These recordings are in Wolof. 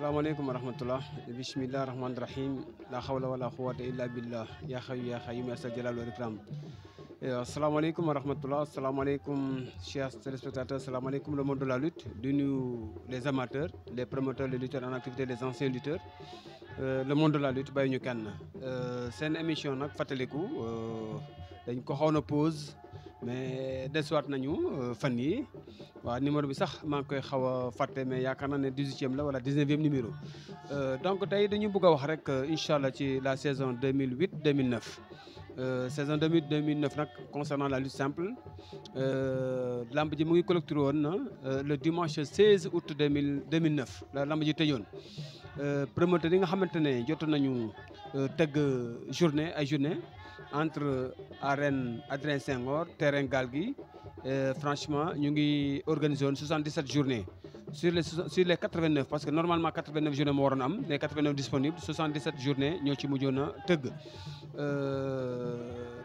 salaamaaleykum wa rahmatullah bisimilah rahmaani rahim laa wa la quwata illa billah Ya xayu ya khayyum ma sal jalal wal ikram eh, alaikum wa rahmatullah alaikum chers téléspectateurs alaikum le monde de la lutte de nous les amateurs les promoteurs les lutteurs en activité les anciens lutteurs euh, le monde de la lutte bàyyi ñu C'est une émission nag fàttaliku euh, dañ ko xawoon a pause mais desuwaat nañu euh, fan yi waaw numéro bi sax maa ngi koy xaw a mais yaakaar naa 18e la wala 19e numéro euh, donc tey dañu bëgg a wax rek euh, incha ci la saison 2008 2009. saison 2008 2009 concernant la lutte simple lamb ji mu ngi le dimanche 16 août 2009 la lamb ji tëjoon promoteur yi nga xamante ne jotoon nañu tëgg journée à journée entre arène Adrien Senghor terrain Galgui. franchement nous organisons organisé 77 journées sur les 89 parce que normalement 89 journées sont les 89 disponibles 77 journées nous avons eu a euh,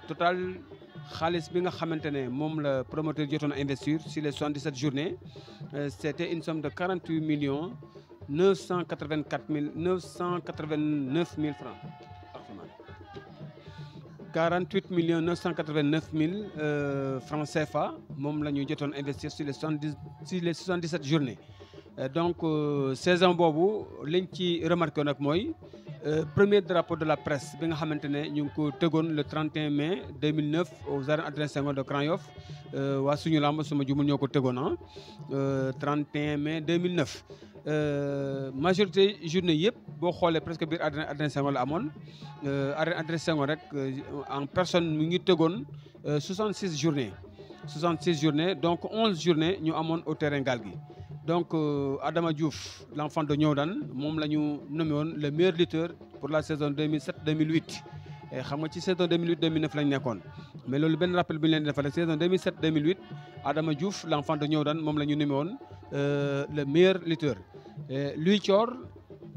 total le bi nga le promoteur de l'investissement investir sur les 77 journées euh, C'était une somme de 48 millions 984 989 000 francs 48 989 000 francs CFA nous avons investi sur les 77 les 77 journées euh, donc euh, saison boobu liñ ci remarqué nag le euh, premier rapport de la presse bi nga été le 31 mai 2009 au arènes Adrien de Krayov. Nous avons suñu lamb 31 ah, mai 2009 euh, majorité journée journées, bo xolé presque biir Adrien Adrien Senghor la euh, Adrien Adrien rek euh, en personne 66 journées 66 journées donc 11 journées nous sommes au terrain gaal donc Adam Diouf L'enfant de Niodane moom la le meilleur lutteur pour la saison 2007 2008. xam nga ci saison 2008 2009 lañ nekkone mais lolu ben rappel bi ñu saison 2007 2008. Adama Diouf l'enfant de Niodiane moom euh, le meilleur lutteur. Louis Chor,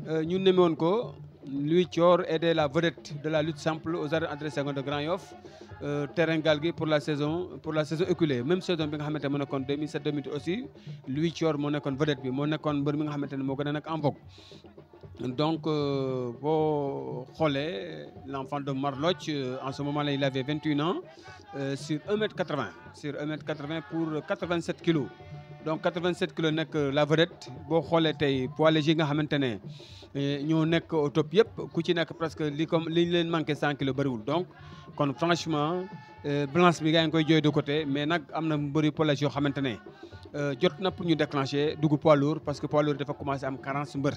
euh, ñu nommé woon ko Louis Chor était la vedette de la lutte simple aux arènes André Senghor de Grand Yoff. Euh, terrain galgué pour la saison pour la saison écoulée même saison bi nga xamante ne 2007 2008 aussi lui Chor moo vedette bi moo nekkoon mbër nga xamante ne en vogue donc, euh, Bo l'enfant de Marloch, euh, en ce moment-là, il avait 21 ans, euh, sur 1m80, sur 1m80 pour 87 kg. Donc, 87 kg, nek la vedette, Bo Kholé, tay, poids léger, nga xamantene, eh, ñoo nek au top yépp, ku ci nek presque li comme manque leen manqué 100 kg bariwul. Donc, kon franchement, euh, balance bi nga ngi koy joy de côté, mais nak amna mbeur yu poids léger yo xamantene, euh, jot na pour ñu déclencher le poids lourd parce que poids lourd a commencé am carence mbër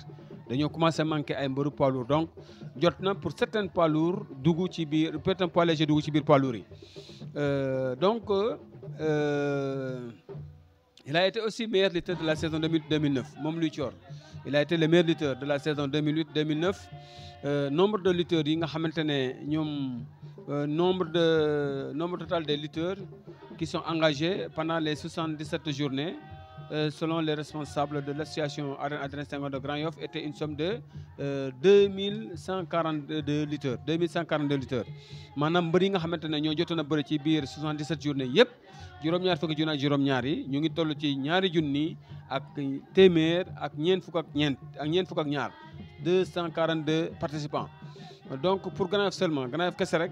a commencé à ay mbëru poids lourd donc jot pour certains poids lourds dugg ci être certains poids léger poids lourd euh, donc euh, il a été aussi meilleur lutteur de la saison 2008-2009 Mom Luy il a été le meilleur lutteur de la saison 2008-2009 nombre de lutteurs yi nga xamante Le nombre total de lutteurs qui sont engagés pendant les 77 journées, euh, selon les responsables de l'association Adrien Senghor de Grand était une somme de euh, 2142 litres. 2142 litres. maanaam mbër yi nga xamante ne ñoo jotoon a ci biir 77 journées yep juróom-ñaar fukki junni ak juróom-ñaar yi ñu ngi toll ci ñaari junni ak téeméer ak ñeent fukk ak ñeent ak ñeent fukk ak ñaar 242 participants donc pour Grand seulement Grand Yoff kese rek.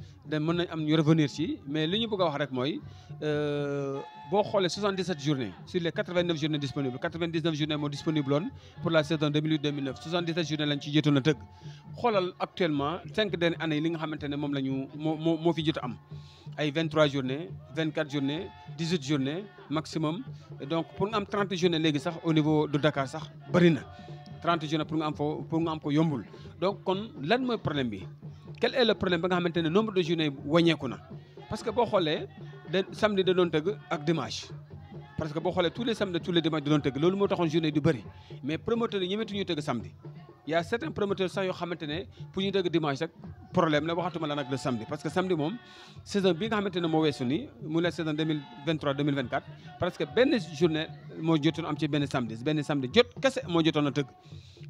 Je revenir ci mais ce que bëgg wax c'est que les 77 journées sur les 89 journées disponibles 99 journées sont disponibles pour la saison 2008 2009 77 journées lañ ci jotoon actuellement 5 dernières années nous li nga a 23 journées 24 journées 18 journées maximum donc pour nous 30 journées au niveau de Dakar c'est très 30 journées pour nous am pour am donc kon est le problème quel est le problème ba nga xamante nombre de journées wàññeeku na parce que boo xoolee da samedi da doon tëgg ak dimanche parce que boo xoolee tous les samedis tous les dimanches da doon tëgg loolu moo une journée du bëri mais promoteurs yi ñemetu ñu samedi. samedi y a certains promoteurs sax ont xamante pour ñu dimanche rek problème la waxatuma la nag le samedi parce que samedi mom saison bi nga xamantene mo moo ni mu la saison 2023 2024 parce que ben journée mo jotoon am ci ben samedi ben samedi jot kasse mo jotoon teug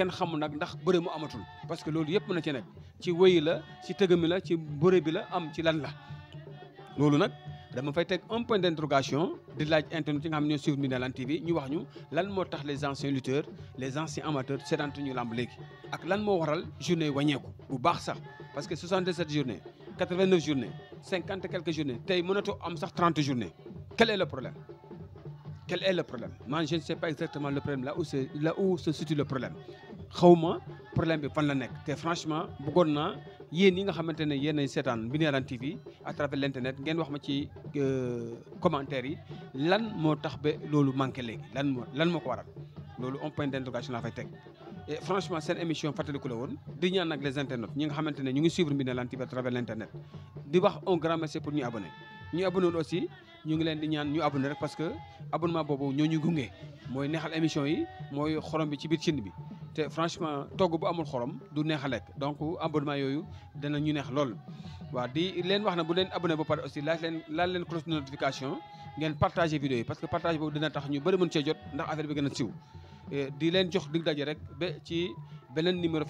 ken nak ndax amatul parce que lolu yëpp na ci nekk ci wéy la ci tëgami la ci bëre bi la am ci lan la lolu nak dama fay un point d'interrogation de di laaj internet yi nga xam suivre TV ñu wax ñu lan mo tax les anciens lutteurs les anciens amateurs C'est ñu lamb léegi ak lan mo waral journée bu baax sax parce que 77 journées 89 journées 50 quelques journées tey mënatoo am sax 30 journées quel est le problème quel est le problème Moi, je ne sais pas exactement le problème où là où se situe le problème xawma problème bi fan la nek té franchement bëggoon na yeen yi nga xamantene yeen ne sétane seetaan Bineelaan TV à travers l'internet internet ngeen wax ma ci euh commentaire yi lan moo tax ba loolu manqué léegi lan moo lan moo waral lolu un point d' la fay teg. et franchement seen émission fàttaliku la won di ñaan nak les internautes ñi nga xamantene ñu ngi suivre Bineelaan TV à travers l'internet di wax un grand merci pour ñu abonné ñu abonné aussi. ñu ngi leen di ñaan ñu abonné rek parce que abonnement bobu ñoo ñu gungé moy neexal émission yi moy xorom bi ci biir cin bi franchement togg bu amul donc abonnement yoyu dana ñu neex lool. di leen wax na bu leen abonné ba aussi notification ngeen partager vidéo parce que partage vous dina tax ñu jot ndax affaire bi eh, di leen jox numéro